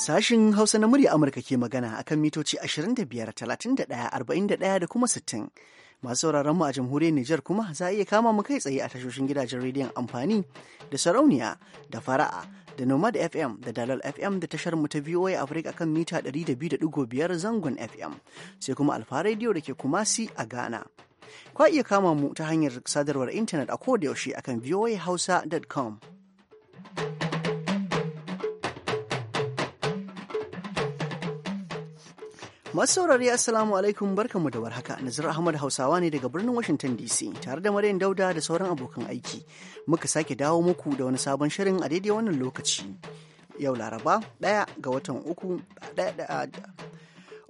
Sashin Hausa na murya Amurka ke magana akan mitoci 25, 31, 41 da kuma 60. masu sauraron mu a jamhuriyar Nijar kuma za a iya kama mu kai tsaye a tashoshin gidajen rediyon amfani da sarauniya da fara'a da nomad fm da dalal fm da tashar mu ta voa africa kan mita 200.5 zangon fm sai kuma alfa rediyo da ke kumasi a ghana kwa iya kama mu ta hanyar sadarwar intanet a kodayaushe akan voahausa.com Masu saurari Assalamu alaikum barkanmu da warhaka Nazir Ahmad Hausawa ne daga birnin Washington DC tare da Maryam Dauda da sauran abokan aiki. Muka sake dawo muku da wani sabon shirin a daidai wannan lokaci. Yau Laraba ɗaya ga watan uku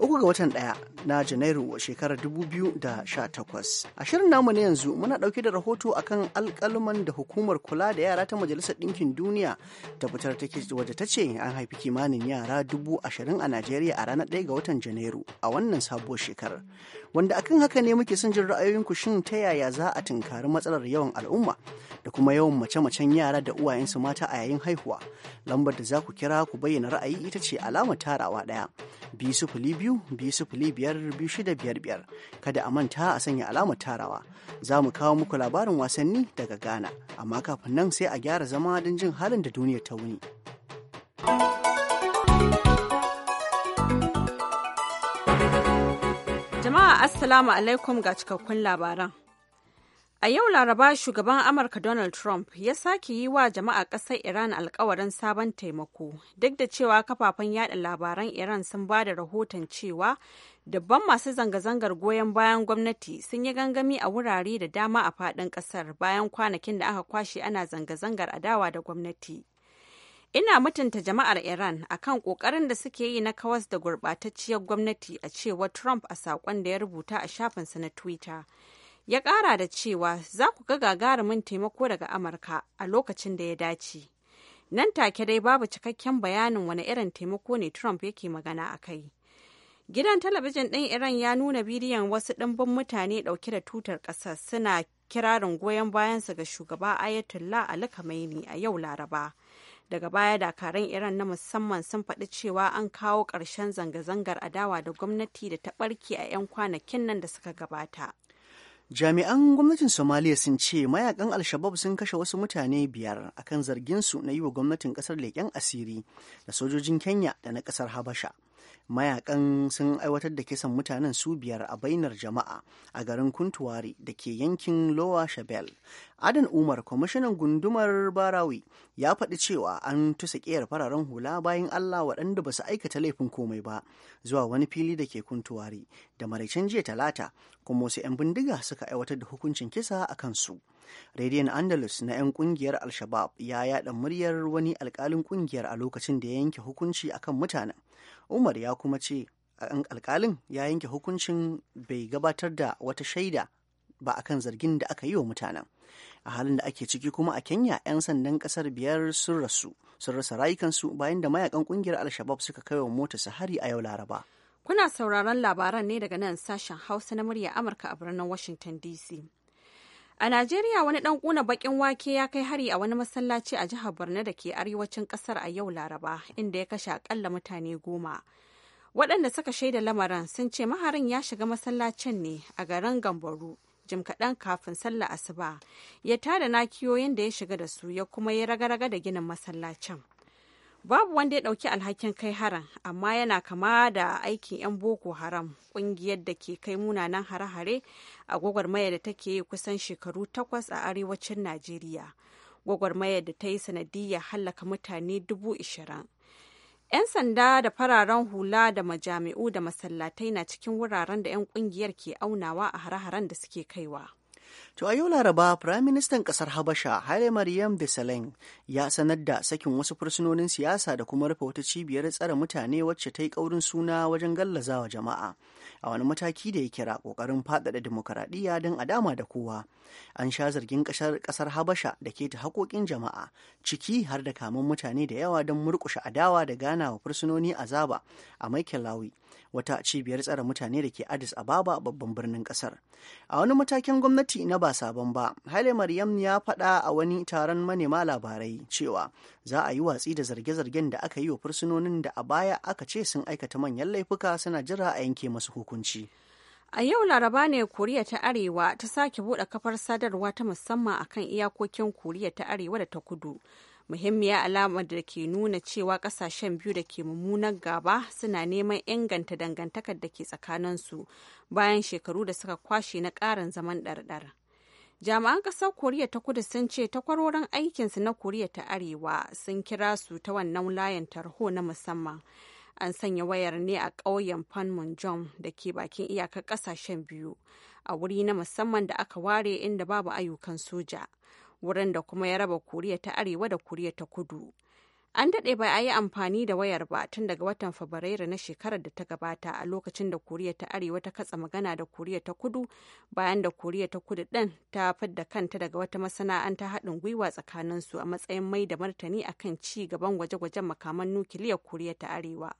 uku ga watan ɗaya na janairu shekarar 2018 a shirin namu na yanzu muna dauke da rahoto akan alkaluman da hukumar kula da yara ta majalisar ɗinkin duniya ta fitar take wadda ta ce an haifi kimanin yara dubu ashirin a najeriya a ranar 1 ga watan janairu a wannan sabuwar shekarar wanda akan haka ne muke son jin ra'ayoyinku shin ta yaya za a tunkari matsalar yawan al'umma da kuma yawan mace-macen yara da uwayensu mata a yayin haihuwa lambar da za ku kira ku bayyana ra'ayi ita ce alama tarawa ɗaya biyu sufuli biyu biyu sufuli biyar biyu shida biyar biyar kada a manta a sanya alamar tarawa za mu kawo muku labarin wasanni daga ghana amma kafin nan sai a gyara zama don jin halin da duniyar ta wuni. Jama'a Assalamu alaikum ga cikakkun labaran. A yau Laraba shugaban Amurka Donald Trump ya sake yi wa jama'a ƙasar Iran alkawarin sabon taimako, duk da cewa kafafen yada labaran Iran sun ba da rahoton cewa dabban masu zanga-zangar goyon bayan gwamnati sun yi gangami a wurare da dama a faɗin ƙasar bayan kwanakin da aka kwashe ana zanga-zangar adawa da gwamnati. Ina mutunta jama'ar Iran akan kokarin da suke yi na kawas da gurbatacciyar gwamnati a cewa Trump a saƙon da ya rubuta a shafinsa na Twitter. Ya ƙara da cewa za ku ga gagarumin taimako daga Amurka a lokacin da ya dace. Nan take dai babu cikakken bayanin wani irin taimako ne Trump yake magana a kai. Gidan talabijin ɗin Iran ya nuna bidiyon wasu ɗimbin mutane ɗauke da tutar ƙasa, suna kirarin goyon bayansa ga shugaba Ayatollah Ali Khamenei a yau Laraba. daga baya dakaran iran na musamman sun faɗi cewa an kawo ƙarshen zanga-zangar adawa da gwamnati da ta ɓarke a 'yan kwanakin nan da suka gabata jami'an gwamnatin somaliya sun ce mayakan alshabab sun kashe wasu mutane biyar akan zarginsu na yi wa gwamnatin kasar leƙen asiri da sojojin kenya da na kasar habasha mayakan sun aiwatar da kisan mutanen su biyar a bainar jama'a a garin kuntuwari da ke yankin lowa shabel adan umar kwamishinan gundumar barawi ya faɗi cewa an tusa ƙiyar fararen hula bayan allah waɗanda ba su aikata laifin komai ba zuwa wani fili da ke kuntuwari da maraicen jiya talata kuma wasu 'yan bindiga suka aiwatar da hukuncin kisa a kansu. Rediyon Andalus na 'yan kungiyar al shabab ya yada muryar wani alkalin kungiyar a lokacin da ya yanke hukunci akan mutanen. Umar ya kuma ce alkalin ya yanke hukuncin bai gabatar da wata shaida ba akan zargin da aka yi wa mutanen. A halin da ake ciki kuma a Kenya 'yan sandan kasar biyar sun rasu sun rasa rayukansu bayan da mayakan kungiyar al shabab suka kai wa mota hari a yau Laraba. Kuna sauraron labaran ne daga nan sashen Hausa na murya Amurka a birnin Washington DC. A Najeriya wani ɗan ƙuna baƙin wake ya kai hari a wani masallaci a jihar Borno da ke arewacin Kasar a yau Laraba inda ya kashe akalla mutane goma. Waɗanda suka shaida lamarin sun ce maharin ya shiga masallacin ne a garin Gambaru jim kaɗan kafin sallah asuba ya tada nakiyoyin da ya shiga da su ya kuma ya raga-raga da ginin masallacin. babu wanda ya ɗauki alhakin kai harin amma yana kama da aikin 'yan boko haram ƙungiyar da ke kai munanan hare-hare a gwagwarmaya da take yi kusan shekaru takwas a arewacin najeriya gwagwarmaya da ta yi sanadiyya hallaka mutane dubu ishirin 'yan sanda da fararen hula da majami'u da masallatai na cikin wuraren da 'yan ƙungiyar ke aunawa a hare-haren da suke kaiwa To a yau Laraba, firayim ministan ƙasar Habasha, Haile Mariam Desalegn, ya sanar da sakin wasu fursunonin siyasa da kuma rufe wata cibiyar tsare mutane wacce ta yi ƙaurin suna wajen gallazawa jama'a. A wani mataki da ya kira ƙoƙarin faɗaɗa dimokuraɗiyya don a dama da kowa. An sha zargin ƙasar Habasha da ke ta haƙoƙin jama'a, ciki har da kamun mutane da yawa don murƙushe adawa da gana wa fursunoni azaba a Maikelawi, wata cibiyar tsare mutane da ke Addis Ababa babban birnin ƙasar. A wani matakin gwamnati na ba ba sabon ba hale maryam ya faɗa a wani taron manema labarai cewa za a yi watsi da zarge-zargen da aka yi wa fursunonin da a baya aka ce sun aikata manyan laifuka suna jira a yanke masu hukunci A yau Laraba ne Koriya ta Arewa ta sake buɗe kafar sadarwa ta musamman akan iyakokin Koriya ta Arewa da ta Kudu. Muhimmiya alamar da ke nuna cewa kasashen biyu da ke mummunan gaba suna neman inganta dangantakar da ke tsakaninsu bayan shekaru da suka kwashe na ƙarin zaman ɗarɗar. jami'an ƙasar koriya ta kudu sun ce takwarorin aikinsu na koriya ta arewa sun kira su ta wannan layin tarho na musamman an sanya wayar ne a ƙauyen panmunjom da ke bakin iyakar ƙasashen biyu a wuri na musamman da aka ware inda babu ayyukan soja wurin da kuma ya raba koriya ta arewa da koriya ta kudu An daɗe ba a yi amfani da wayar ba tun daga watan Fabrairu na shekarar da ta gabata a lokacin da Koriya ta Arewa ta katsa magana da Koriya ta Kudu bayan da Koriya ta Kudu ɗin ta fidda kanta daga wata masana'anta haɗin gwiwa tsakaninsu a matsayin mai da martani akan ci gaban gwaje-gwajen makaman nukiliyar Koriya ta Arewa.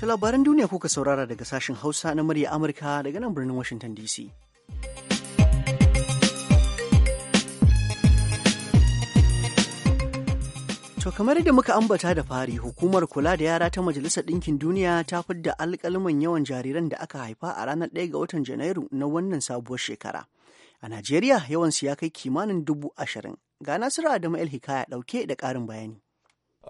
ta labaran duniya kuka saurara daga sashen Hausa na murya Amurka daga nan birnin Washington DC. To kamar yadda muka ambata da fari hukumar kula da yara ta Majalisar Ɗinkin Duniya ta fidda alƙalman yawan jariran da aka haifa a ranar 1 ga watan Janairu na wannan sabuwar shekara. A Najeriya yawansu ya kai kimanin dubu ashirin. Ga Nasiru Adamu El Hikaya ɗauke da ƙarin bayani.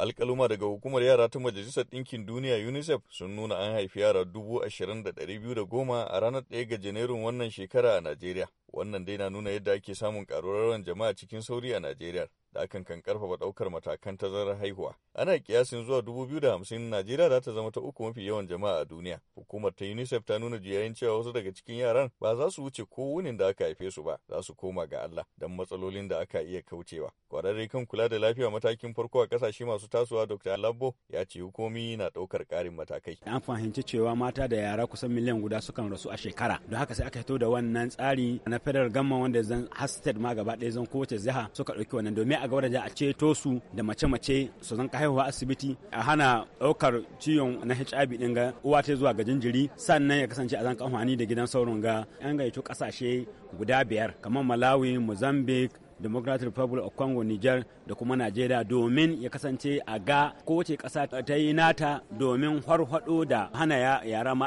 alkaluma daga hukumar yara ta majalisar ɗinkin duniya unicef sun nuna an haifi yara dubu ashirin da ɗari biyu da goma a ranar ɗaya ga janairun wannan shekara a najeriya wannan dai na nuna yadda ake samun ƙaruwar jama'a cikin sauri a najeriya da akan kan karfafa daukar matakan tazarar haihuwa. Ana kiyasin zuwa 2050 Najeriya za ta zama ta uku mafi yawan jama'a a duniya. Hukumar ta UNICEF ta nuna jiyayin cewa wasu daga cikin yaran ba za su wuce ko wunin da aka haife su ba, za su koma ga Allah don matsalolin da aka iya kaucewa. Kwararre kan kula da lafiya matakin farko a kasashe masu tasowa Dr. Labbo ya ce hukumi na daukar karin matakai. An fahimci cewa mata da yara kusan miliyan guda sukan rasu a shekara. Don haka sai aka fito da wannan tsari na federal gama wanda zan hasted ma gaba ɗaya zan kowace jiha suka ɗauki wannan domin a gaba da a ceto su da mace-mace su zanka haihuwa asibiti a hana ɗaukar ciwon na HIV ɗin ga uwa ta zuwa ga jinjiri sannan ya kasance a zanka amfani da gidan sauron ga yan gaito ƙasashe guda biyar kamar Malawi, Mozambique, democratic republic of congo niger da kuma nigeria domin ya kasance a ga kowace kasa ta yi nata domin harhaɗo da hana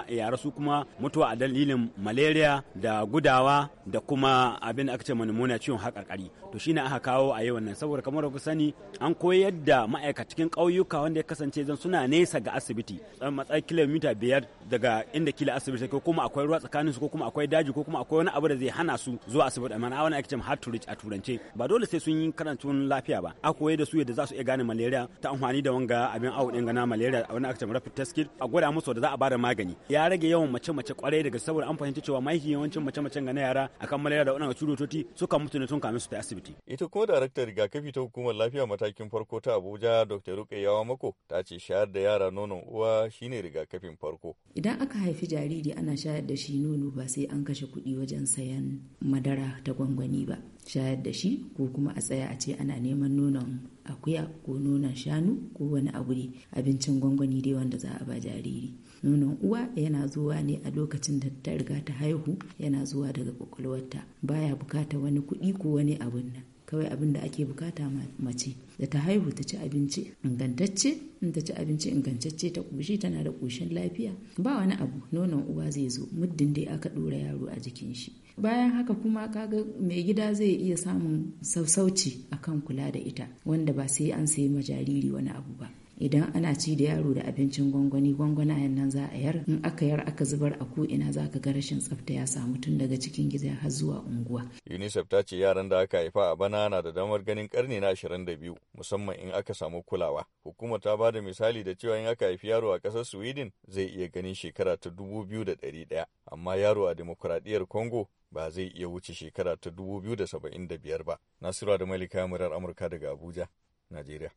yara su kuma mutuwa a dalilin malaria da gudawa da kuma abin da aka ce manimuna ciwon haƙarƙari to shine aka kawo a yau nan saboda kamar ku sani an koyar da ma'aikata cikin ƙauyuka wanda ya kasance zan suna nesa ga asibiti matsayin kilomita biyar daga inda kila asibiti ko kuma akwai ruwa tsakaninsu ko kuma akwai daji ko kuma akwai wani abu da zai hana su zuwa asibiti amma na wani ake ce hard to reach a turance ba dole sai sun yi karantun lafiya ba a koyar da su yadda za su iya gane malaria ta amfani da wanga abin awo din gana malaria a wani aka rapid test kit a gwada musu da za a bada magani ya rage yawan mace mace kwarai daga saboda an fahimci cewa mahi yawancin mace mace yara akan malaria da wannan su suka mutu ne tun kamin su ta asibiti ita kuma daraktar rigakafi ta hukumar lafiya matakin farko ta Abuja Dr. Rukayawa Mako ta ce shayar da yara nonon uwa shine rigakafin farko idan aka haifi jariri ana shayar da shi nono ba sai an kashe kuɗi wajen sayan madara ta gwangwani ba shayar da shi ko kuma a tsaya a ce ana neman nonon akuya ko nonon shanu ko wani abu ne abincin gwangwani dai wanda za a ba jariri nonon uwa yana zuwa ne a lokacin da ta riga ta haihu yana zuwa daga kwakwalwarta baya bukata wani kuɗi ko wani abun nan kawai abin da ake bukata mace da ta haihu ta ci abinci ingantacce in ta ci abinci ingantacce ta kushi tana da ƙoshin lafiya ba wani abu nonon uwa zai zo muddin dai aka ɗora yaro a jikin shi bayan haka kuma kaga mai gida zai iya samun sassauci akan kula da ita wanda ba sai an sayi ma jariri wani abu ba idan ana ci da yaro da abincin gwangwani gwangwanayen nan za a yar in aka yar aka zubar a ko'ina ina za ka ga rashin tsafta ya samu tun daga cikin gida har zuwa unguwa. UNICEF ta ce yaran da aka haifa a bana na da damar ganin karni na 22 musamman in aka samu kulawa. Hukumar ta ba da misali da cewa in aka haifi yaro a ƙasar Sweden zai iya ganin shekara ta dubu da 2100 amma yaro a demokuraɗiyar Congo ba zai iya wuce shekara ta da da saba'in biyar ba. Nasiru da Malika Murar Amurka daga Abuja, najeriya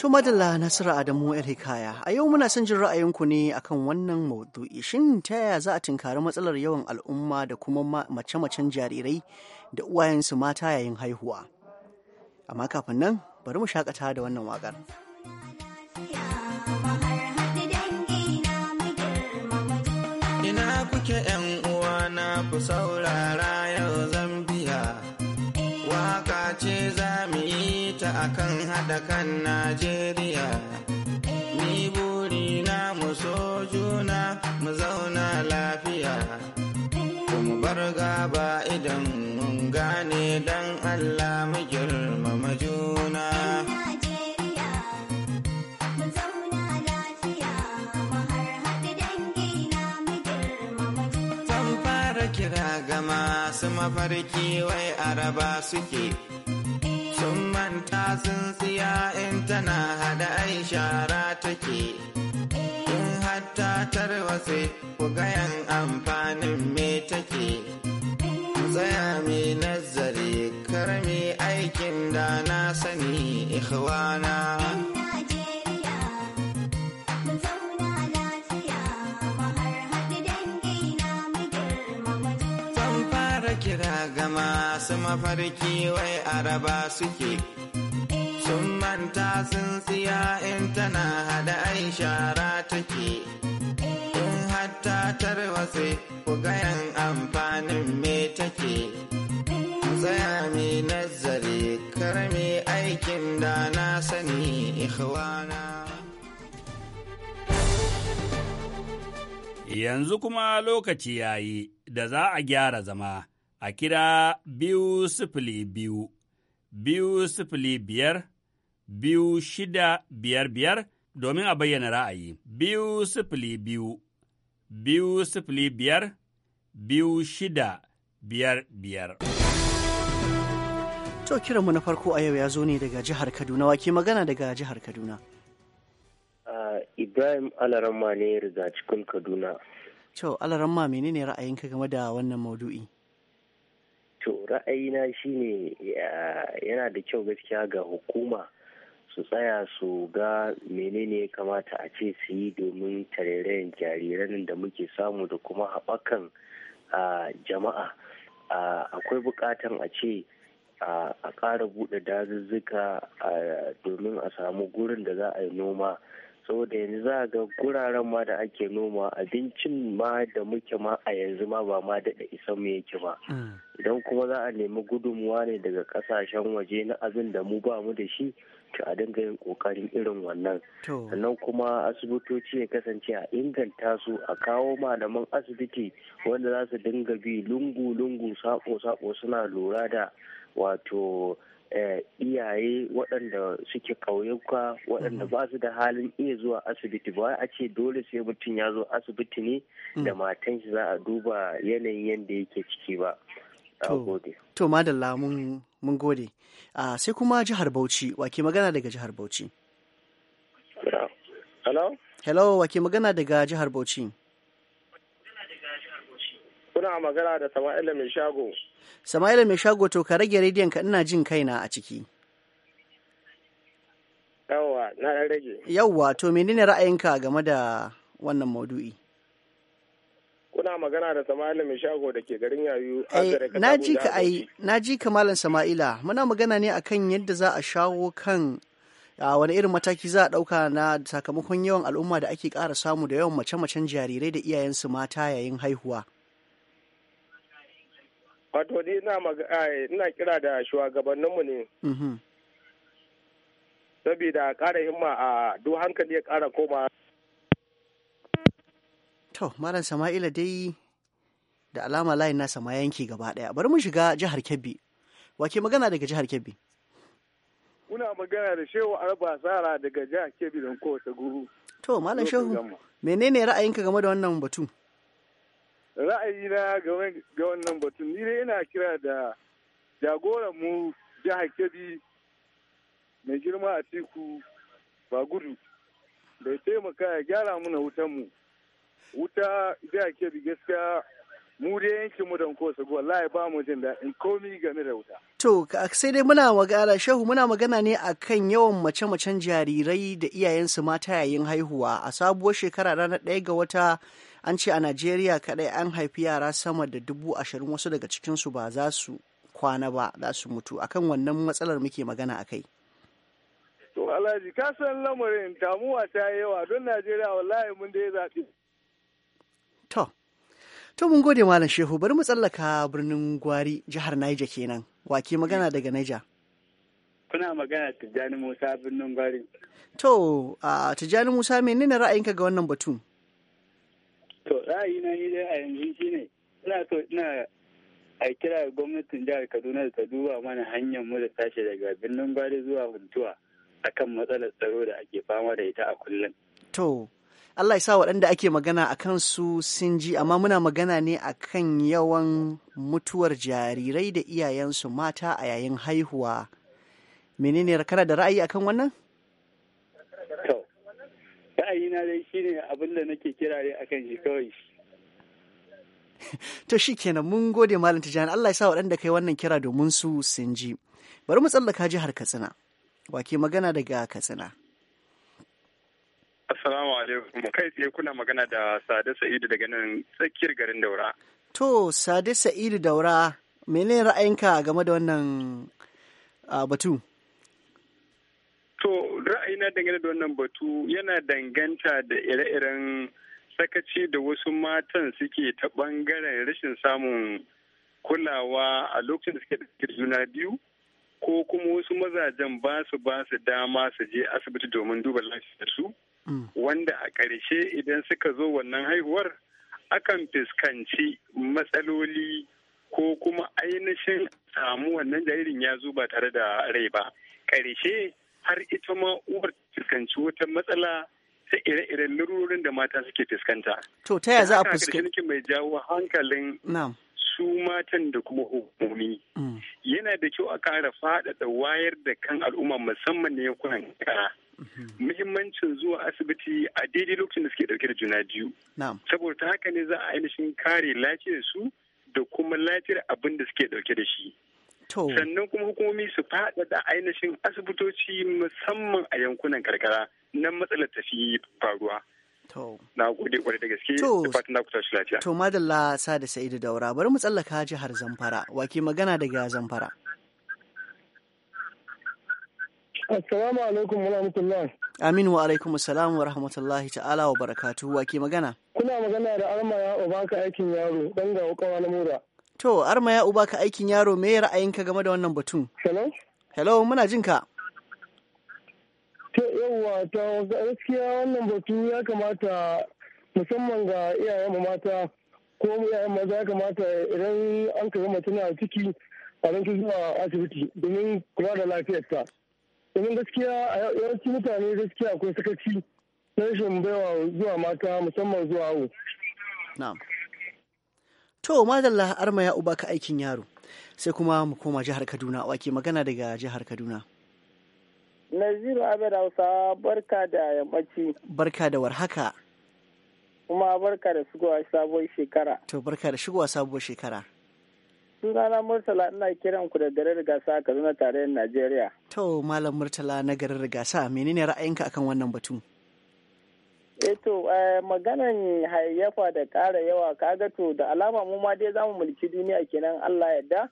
To madalla Nasiru Adamu ‘yar hikaya, a yau muna son jin ra'ayinku ne akan wannan maudu'i shin ta yaya za a tunkari matsalar yawan al'umma da kuma mace-macen jarirai da uwayensu mata yayin haihuwa. Amma kafin nan, bari mu shakata da wannan waƙar. kuke yan uwa na ku saurara yau zambiya waka ce za mu yi ta akan haɗa kan najeriya ni buri na mu so juna mu zauna lafiya kuma bar gaba idan mun gane dan allah mu girmama juna. masu mafarki wai araba suke sun manta sun siya in tana hada ai shara take in hatta tarwatse ku gayan amfanin me take tsaya mai nazari karmi aikin da na sani ikhwana. kira ga masu mafarki wai araba suke sun manta sun siya in tana hada aishara shara take in hatta tarwatse ku gayan amfanin me take tsaya mai nazari karmi aikin da na sani ikhwana yanzu kuma lokaci ya yi da za a gyara zama a kira biyu sifili biyu, biyu sifili biyar, biyu shida biyar biyar domin a bayyana ra'ayi. Biyu sifili biyu, biyu sifili biyar, biyu shida biyar biyar. To kiranmu na farko a yau ya zo ne daga jihar Kaduna, wake magana daga jihar Kaduna. Ibrahim Alaramma ne riga cikin Kaduna. To Alaramma menene ra'ayinka game da wannan maudu'i? ra'ayina shine yana da kyau gaskiya ga hukuma su tsaya su ga menene ya kamata a ce su yi domin tarairayin jariran da muke samu da kuma haɓakan jama'a akwai buƙatan a ce a ƙara buɗe dazuzzuka domin a samu gurin da za a yi noma saboda yanzu za ga guraren ma da ake noma abincin ma da muke ma a yanzu ma ba ma daɗa isa mu yake ba mm. idan kuma za a nemi gudunmuwa ne daga kasashen waje na abin da mu ba mu da shi to a dinga yin kokarin irin wannan sannan kuma asibitoci ya kasance a inganta su a kawo malaman asibiti wanda za su dinga bi lungu-lungu sako-sako suna lura da wato Eh, iyaye waɗanda suke ƙauyuka waɗanda mhm. ba su da halin iya zuwa asibiti ba a ce dole sai mutum ya zo asibiti ne mm. da matan shi za a duba yanayin yadda yake ciki ba. To, madalla mun gode. Ah, sai kuma jihar Bauchi, wake magana daga jihar Bauchi. Hello? Hello, wake magana daga jihar Bauchi. Kuna magana da Sama'ila mai shago. Sama'ila mai shago to ka rage rediyon ka ina jin kaina a ciki. Yawwa, na ɗan rage. Yawwa, to menene ra'ayinka game da wannan maudu'i? Kuna magana da Sama'ila mai shago da ke garin yayu. Eh, na ji ka ai, na ji ka malam Sama'ila, muna magana ne akan yadda za a shawo kan a wani irin mataki za a ɗauka na sakamakon yawan al'umma da ake ƙara samu da yawan mace-macen jarirai da iyayensu mata yayin haihuwa. wato dai ina kira da shugabanninmu ne mm-hmm. saboda kara himma a duk hankali ya kara koma to malam sama'ila dai da alama layin nasa ma yanki gaba daya bari mu shiga jihar kebbi wake magana daga jihar kebbi kuna magana da shehu arba sara daga jihar kebbi don kowace guru to malam shehu menene ra'ayinka game da wannan batu ra'ayina game ga wannan batun ni dai ina kira da jagoran mu jihar kebbi mai girma a tiku ba gudu da ya taimaka ya gyara muna wutan mu wuta jihar kebbi gaskiya mu da yankin mu don kosa wallahi ba mu jin daɗin komi game da wuta. To, sai dai muna magana, shehu muna magana ne akan yawan mace-macen jarirai da iyayensu mata yayin haihuwa a sabuwar shekara ranar ɗaya ga wata an ce a najeriya kadai an haifi yara sama da dubu ashirin wasu daga cikinsu ba za su kwana ba za su mutu akan wannan matsalar muke magana a kai to alhaji ka san lamarin damuwa ta yawa don najeriya wallahi mun da ya zaɓi to to mun gode malam shehu bari mu tsallaka birnin gwari jihar niger kenan wake magana daga niger kuna magana tijjani musa birnin gwari to a tijjani musa menene ra'ayinka ga wannan batun To ra'ayi na ni dai a yanzu shi ne ina so ina a kira gwamnatin jihar Kaduna da ta duba mana hanyar mu da tashi daga birnin gwari zuwa huntuwa akan matsalar tsaro da ake fama da ita a kullum. To Allah ya sa waɗanda ake magana a kansu sun ji amma muna magana ne a kan yawan mutuwar jarirai da iyayensu mata a yayin haihuwa. Menene kana da ra'ayi akan wannan? ra'ayina dai shine abin da nake kira dai akan shi kawai to shi kenan mun gode malam tijani Allah ya sa waɗanda kai wannan kira domin su sun ji bari mu tsallaka jihar Katsina wake magana daga Katsina Assalamu alaikum kai tsaye kuna magana da Sade Sa'idu daga nan tsakiyar garin Daura to Sade Sa'idu Daura menene ra'ayinka game da wannan ah, batu To ra'ayina dangane da wannan batu yana danganta da ire-iren sakaci da wasu matan suke ta ɓangaren rashin samun kulawa a lokacin da suke da juna biyu ko kuma wasu mazajen ba su ba su dama su je asibiti domin duba lafiyarsu mm. wanda a ƙarshe idan suka zo wannan haihuwar akan fuskanci matsaloli ko kuma ainihin samu wannan jaririn ya zo ba tare da rai ba ƙarshe har ita ma uwar fuskanci wata matsala ta ire-iren lururin da mata suke fuskanta. To ta za a fuskanci? mai jawo hankalin su matan da kuma hukumomi. Mm. Yana da kyau a kara faɗaɗa wayar da kan al'umma musamman ne yankunan kara. Mm-hmm. Muhimmancin zuwa asibiti a daidai lokacin da suke ɗauke da juna biyu. Saboda ta haka ne za a ainihin kare lafiyar su da kuma lafiyar abin da suke ɗauke da shi. Sannan kuma hukumomi su faɗaɗa ainihin asibitoci musamman a yankunan karkara nan matsalar tafi faruwa. Na gode kwarai da gaske da fatan ku tashi lafiya. To madalla da Sa'idu Daura bari mu tsallaka jihar Zamfara wake magana daga Zamfara. Assalamu alaikum wa rahmatullah. Amin wa alaikum assalam wa rahmatullahi ta'ala wa barakatuhu wake magana. Kuna magana da Arma ya Obaka aikin yaro don ga kawa na mura. To, arma ya uba ka aikin yaro me ra'ayinka game da wannan batun? Hello? Hello, muna jin ka. To, ta gaskiya wannan batu ya kamata musamman ga iyayen mata ko iyayen maza ya kamata idan an kaga mace na ciki a ranki zuwa asibiti domin kula da lafiyarta. Domin gaskiya a yawancin mutane gaskiya akwai sakaci na rashin baiwa zuwa mata musamman zuwa awo. to madalla ma ya uba ka aikin yaro sai kuma mu koma jihar kaduna wake magana daga jihar kaduna naziru abed hausa barka da yammaci barka da warhaka kuma barka da shigowa sabuwar shekara to barka da shigowa sabuwar shekara sunana murtala ina kiran ku da garin rigasa a kaduna tarayyar najeriya to malam murtala na garin rigasa menene ra'ayinka akan wannan batu Eto eh, eh, maganan hayayyafa da kara yawa kaga to da alama mu ma dai zamu mulki duniya kenan Allah yadda.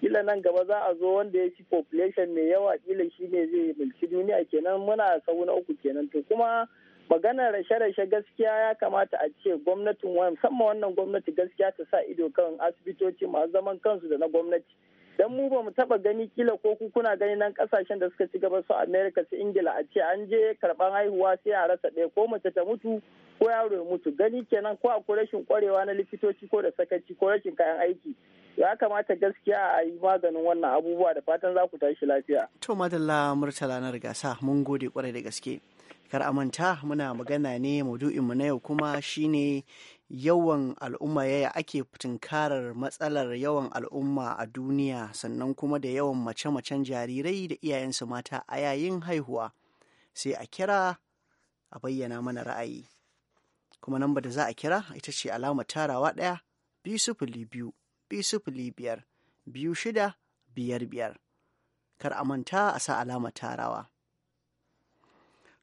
Kila nan gaba za a zo wanda ya ci population mai yawa kila shi ne zai mulki duniya kenan muna sau na uku kenan to kuma maganar rashe-rashe gaskiya ya kamata a ce gwamnatin musamman wannan gwamnati gaskiya ta sa ido kan asibitoci masu zaman kansu da na gwamnati. dan mu ba mu taba gani kila ko ku kuna gani nan kasashen da suka ci gaba su america su ingila a ce an je karban haihuwa sai a rasa ɗaya ko mace ta mutu ko yaro ya mutu gani kenan ko akwai rashin kwarewa na likitoci ko da sakaci ko rashin kayan aiki ya kamata gaskiya a yi maganin wannan abubuwa da fatan za ku tashi lafiya. to madalla murtala na rigasa mun gode kwarai da gaske kar a muna magana ne maudu'inmu na yau kuma shine yawan al'umma yaya ake tunkarar matsalar yawan al'umma a duniya sannan kuma da yawan mace-macen jarirai da iyayensu mata a yayin haihuwa sai a kira a bayyana mana ra'ayi kuma nan da za a kira ita ce alama tarawa ɗaya biyu sufuli biyu biyu sufuli biyar biyu shida biyar biyar kar a manta a sa alama tarawa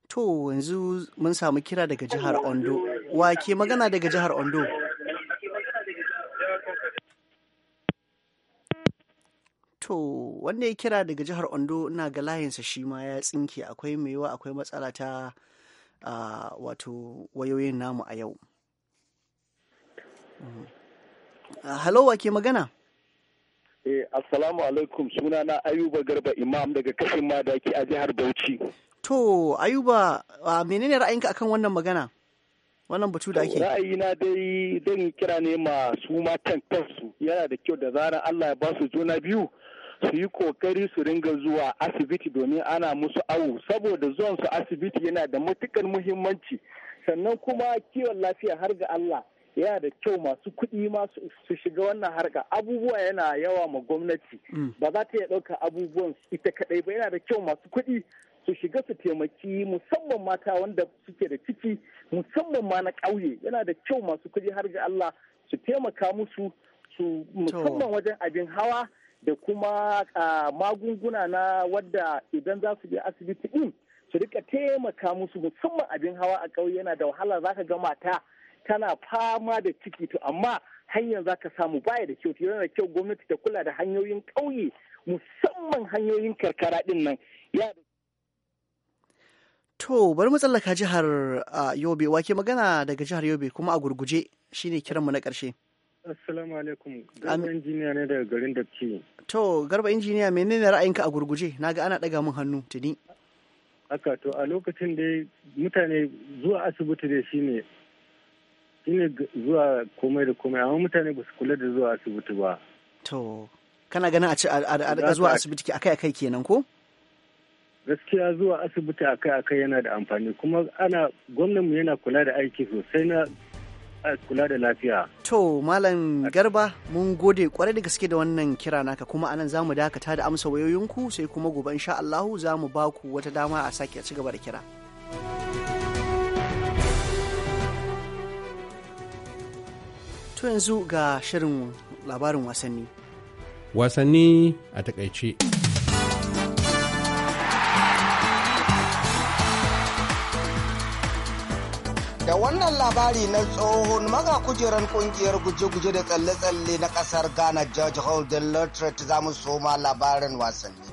to yanzu mun samu kira daga jihar ondo Wa ke magana daga jihar Ondo? To, wanda ya kira daga jihar Ondo ina ga layinsa shi ma ya tsinke akwai mai akwai matsala ta wato wayoyin namu a yau. Mm. Halo wa ke magana? Eh, assalamu alaikum suna na Ayuba Garba Imam daga kashin madaki a jihar Bauchi. To, Ayuba, menene ra'ayinka akan wannan magana? wannan batu da ake na dai dan kira ne ma su matan kansu yana da kyau da zarar Allah ya ba su juna biyu su yi kokari su ringa zuwa asibiti domin ana musu awo saboda zuwan su asibiti yana da matukar muhimmanci sannan kuma kiwon lafiya har ga Allah yana da kyau masu kuɗi ma su shiga wannan harka abubuwa yana yawa ma gwamnati mm. ba za ta iya ɗauka abubuwan ita kaɗai ba yana da kyau masu kuɗi su shiga su taimaki musamman mata wanda suke da ciki musamman ma na ƙauye yana da kyau masu kuɗi har ga Allah su taimaka musu su musamman wajen abin hawa da kuma magunguna na wadda idan za su je asibiti ɗin su rika taimaka musu musamman abin hawa a ƙauye yana da wahala zaka ga mata tana fama da ciki to amma hanyar za ka samu baya da kyau yana da kyau gwamnati ta kula da hanyoyin ƙauye musamman hanyoyin karkara din nan ya To bari mu tsallaka jihar Yobe wake magana daga jihar Yobe kuma a gurguje shine kiranmu na ƙarshe. Assalamu alaikum. Garba injiniya ne daga garin Dabci. To garba injiniya menene ra'ayinka a gurguje? Na ga ana ɗaga mun hannu tuni. Haka to a lokacin da mutane zuwa asibiti da shine shine zuwa komai da komai amma mutane ba su kula da zuwa asibiti ba. To kana ganin a zuwa asibiti akai-akai kenan ko? gaskiya zuwa asibiti akai-akai yana da amfani kuma ana gwamnanmu yana kula da aiki sosai na kula da lafiya. To, Malam Garba, mun gode kwarai da gaske da wannan kira naka kuma anan zamu dakata da amsa wayoyinku sai kuma gobe insha Allahu zamu mu ba ku wata dama a sake ci gaba da kira. To yanzu ga shirin labarin wasanni. Wasanni a takaice. da wannan labari na tsohon maga kujerar kungiyar guje-guje da tsalle-tsalle na kasar ghana george holden lotret za mu soma labarin wasanni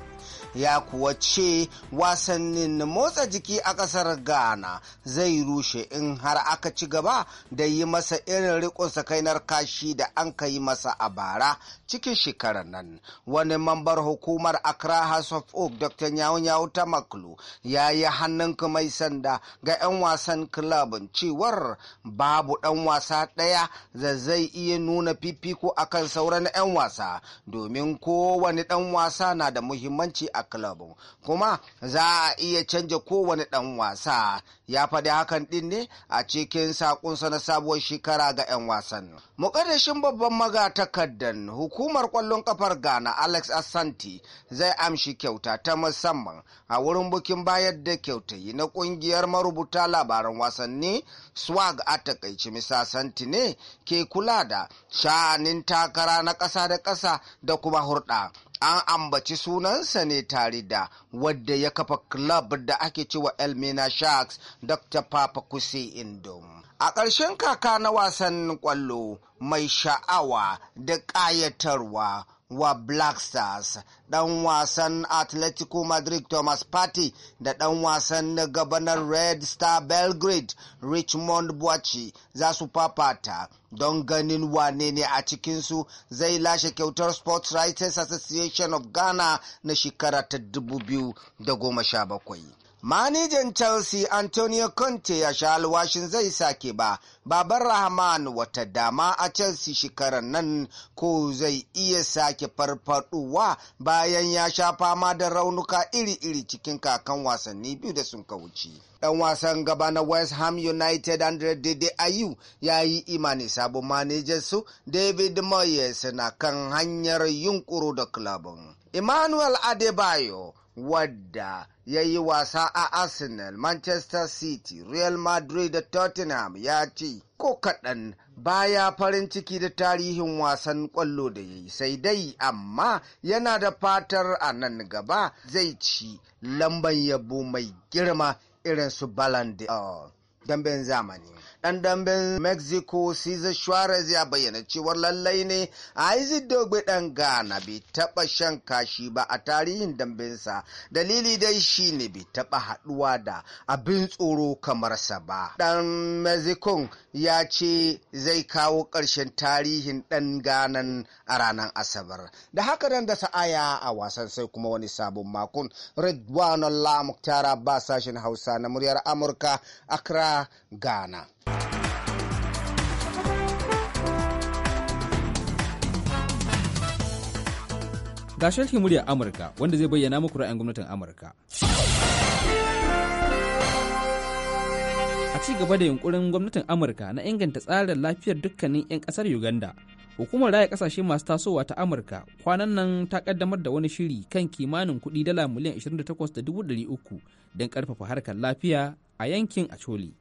ya kuwa ce wasannin motsa jiki a kasar ghana zai rushe in har aka ci gaba da yi masa irin rikon sakainar kashi da an ka yi masa a bara cikin shekarar nan wani mambar hukumar accra house of oak dr Nyawu yawu ta maklu ya yi hannun mai sanda ga 'yan wasan club cewar babu ɗan wasa ɗaya da zai iya nuna fifiko akan sauran 'yan wasa domin kowane ɗan wasa na da muhimmanci a club kuma za a iya canja kowane ɗan wasa ya faɗi hakan ɗin ne a cikin saƙonsa na sabuwar shekara ga 'yan wasan. Muƙaddashin babban magatakardan hukumar ƙwallon ƙafar Ghana Alex Asante zai amshi kyauta ta musamman a wurin bukin bayar da kyautayi na ƙungiyar marubuta labaran wasanni swag a takaici misa Asante ne ke kula da sha'anin takara na ƙasa da ƙasa da kuma hurɗa an ambaci sunansa ne tare da wadda ya kafa club da ake cewa elmina sharks dr papa kusi indom a ƙarshen kaka na wasan ƙwallo mai sha'awa da ƙayatarwa wa Black Stars ɗan wasan Atletico Madrid Thomas Partey da ɗan wasan gabanar Red Star Belgrade Richmond Buachi za su fafata don ganin wane ne a cikinsu zai lashe kyautar Sports Writers Association of Ghana na shekara ta 2017. Manijan Chelsea Antonio Conte ya sha alwashin zai sake ba, baban Rahman wata dama a Chelsea shekarar nan ko zai iya sake farfaduwa bayan ya sha fama da raunuka iri-iri cikin kakan wasanni biyu da sun kauce. Ɗan wasan gaba na West Ham United Andre Dede Ayu ya yi imani sabon su David Moyes na kan hanyar yunkuro da klabin Emmanuel Adebayo wadda ya yi wasa a Arsenal, Manchester City, Real Madrid da Tottenham ya ce ko kaɗan baya farin ciki da tarihin wasan ƙwallo da ya yi sai dai amma yana da fatar a nan gaba zai ci lamban yabo mai girma irin su Ballon d'Or. damben zamani. ɗan damben Mexico Cesar Suarez ya bayyana cewa lallai ne Isaac Dogbe dan Ghana bai taɓa shan kashi ba a tarihin dambensa. Dalili dai shine bai taɓa haɗuwa da abin tsoro kamar sa ba. ɗan Mexico ya ce zai kawo ƙarshen tarihin ɗan ganan a ranar asabar da haka nan da sa'aya a wasan sai kuma wani sabon makon allah muktara ba sashen hausa na muryar amurka accra ghana ga sharhi muryar amurka wanda zai bayyana muku ra'ayin gwamnatin amurka ci gaba da yunkurin gwamnatin amurka na inganta tsarin lafiyar dukkanin 'yan ƙasar uganda hukumar raya kasashe masu tasowa ta amurka kwanan nan ta ƙaddamar da wani shiri kan kimanin kuɗi dala miliyan 28,300 don karfafa harkar lafiya a yankin acholi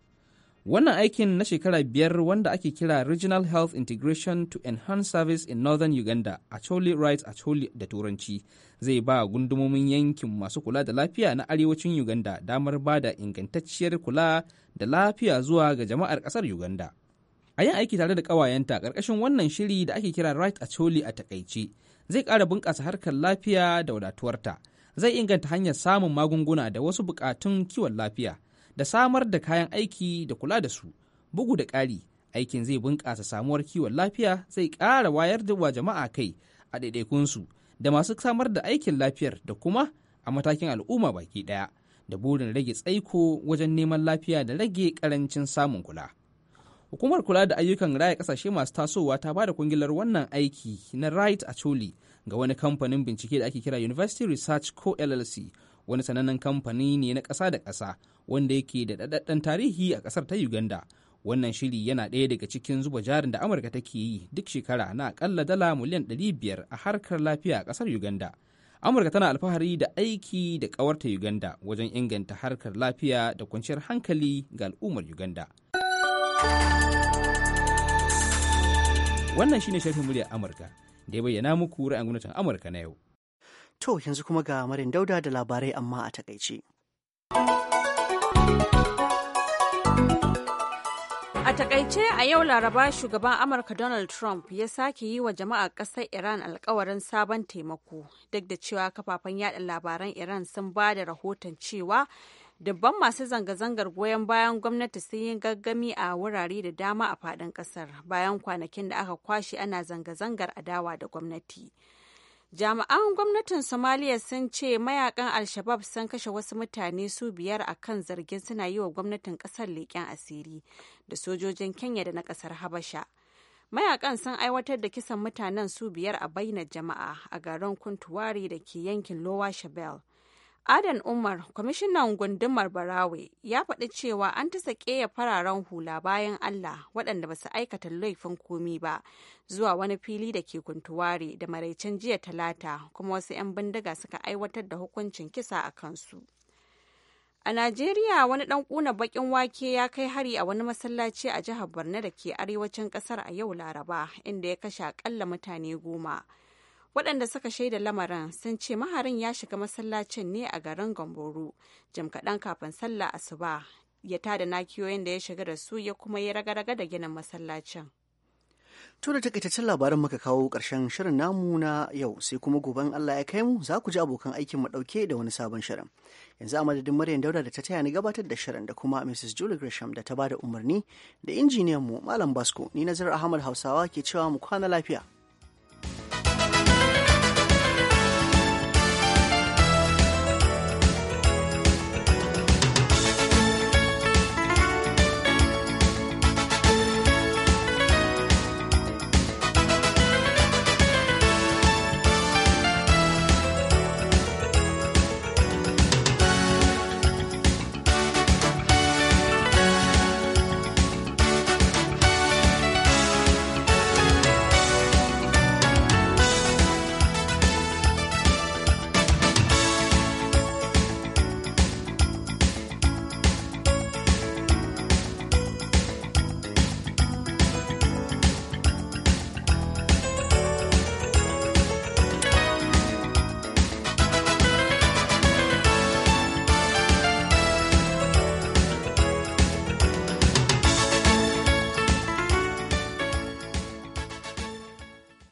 Wannan aikin na shekara biyar wanda ake kira Regional Health Integration to Enhance Service in Northern Uganda a Choli Acholi a Choli da Turanci zai ba gundumomin yankin masu kula da lafiya na arewacin Uganda damar ba da ingantacciyar kula da lafiya zuwa ga jama'ar ƙasar Uganda. A yin aiki tare da ƙawayenta ƙarƙashin wannan shiri da ake kira Right a Choli a takaice zai ƙara bunƙasa harkar lafiya da wadatuwarta. Zai inganta hanyar samun magunguna da wasu buƙatun kiwon lafiya. da samar da kayan aiki da kula da su bugu da ƙari aikin zai bunƙasa samuwar kiwon lafiya zai ƙara wayar da wa jama'a kai a ɗaiɗaikunsu da masu samar da aikin lafiyar da kuma a matakin al'umma baki ɗaya da burin rage tsaiko wajen neman lafiya da rage ƙarancin samun kula. Hukumar kula da ayyukan raya ƙasashe masu tasowa ta bada kungilar wannan aiki na Right Acholi ga wani kamfanin bincike da ake kira University Research Co. LLC wani sanannen kamfani ne na ƙasa da ƙasa wanda yake da daɗaɗɗen tarihi a ƙasar ta Uganda. Wannan shiri yana ɗaya daga cikin zuba jarin da Amurka take yi duk shekara na aƙalla dala miliyan biyar a harkar lafiya a ƙasar Uganda. Amurka tana alfahari da aiki da ƙawarta Uganda wajen inganta harkar lafiya da kwanciyar hankali ga al'ummar Uganda. Wannan shine sharhin muryar Amurka da ya bayyana muku ra'ayin gwamnatin Amurka na yau. To yanzu kuma ga Marin Dauda da labarai amma a takaice. A takaice a yau Laraba shugaban Amurka Donald Trump ya sake yi wa jama'a ƙasar Iran alkawarin sabon taimako duk da cewa kafafen yada labaran Iran sun ba da rahoton cewa dubban masu zanga-zangar goyon bayan gwamnati sun yi gaggami a wurare da dama a faɗin ƙasar bayan kwanakin da aka kwashe ana zanga-zangar adawa da gwamnati. Jami'an gwamnatin Somaliya sun ce mayakan Al-Shabab sun kashe wasu mutane su biyar a kan zargin suna yi wa gwamnatin kasar leƙen asiri da sojojin Kenya da na kasar Habasha. Mayakan sun aiwatar da kisan mutanen su biyar a bainar jama'a a garin Kuntuwari da ke yankin Lowa Shabelle. Adan Umar, kwamishinan gundumar Barawe, ya faɗi cewa an ta ya fararen hula bayan Allah waɗanda ba su aikata laifin komi ba zuwa wani fili da ke kuntuware da maraicen jiya talata kuma wasu 'yan bindiga suka aiwatar da hukuncin kisa a kansu. A Najeriya wani ɗan ƙuna baƙin wake ya kai hari a wani masallaci a jihar Borno da ke arewacin ƙasar a yau Laraba inda ya kashe aƙalla mutane goma. waɗanda suka shaida lamarin sun ce maharin ya shiga masallacin ne a garin gamboru jim kaɗan kafin sallah asuba ya tada nakiyoyin da ya shiga da su ya kuma ya ragaraga da ginin masallacin To da takaitaccen labarin muka kawo ƙarshen shirin namu na yau sai kuma goben Allah ya kai mu za ku ji abokan aikin mu ɗauke da wani sabon shirin. Yanzu a madadin Maryam Dauda da ta taya ni gabatar da shirin da kuma Mrs. Julie Gresham da ta bada umarni da injiniyan mu Malam Basko ni Nazar Ahmad Hausawa ke cewa mu kwana lafiya.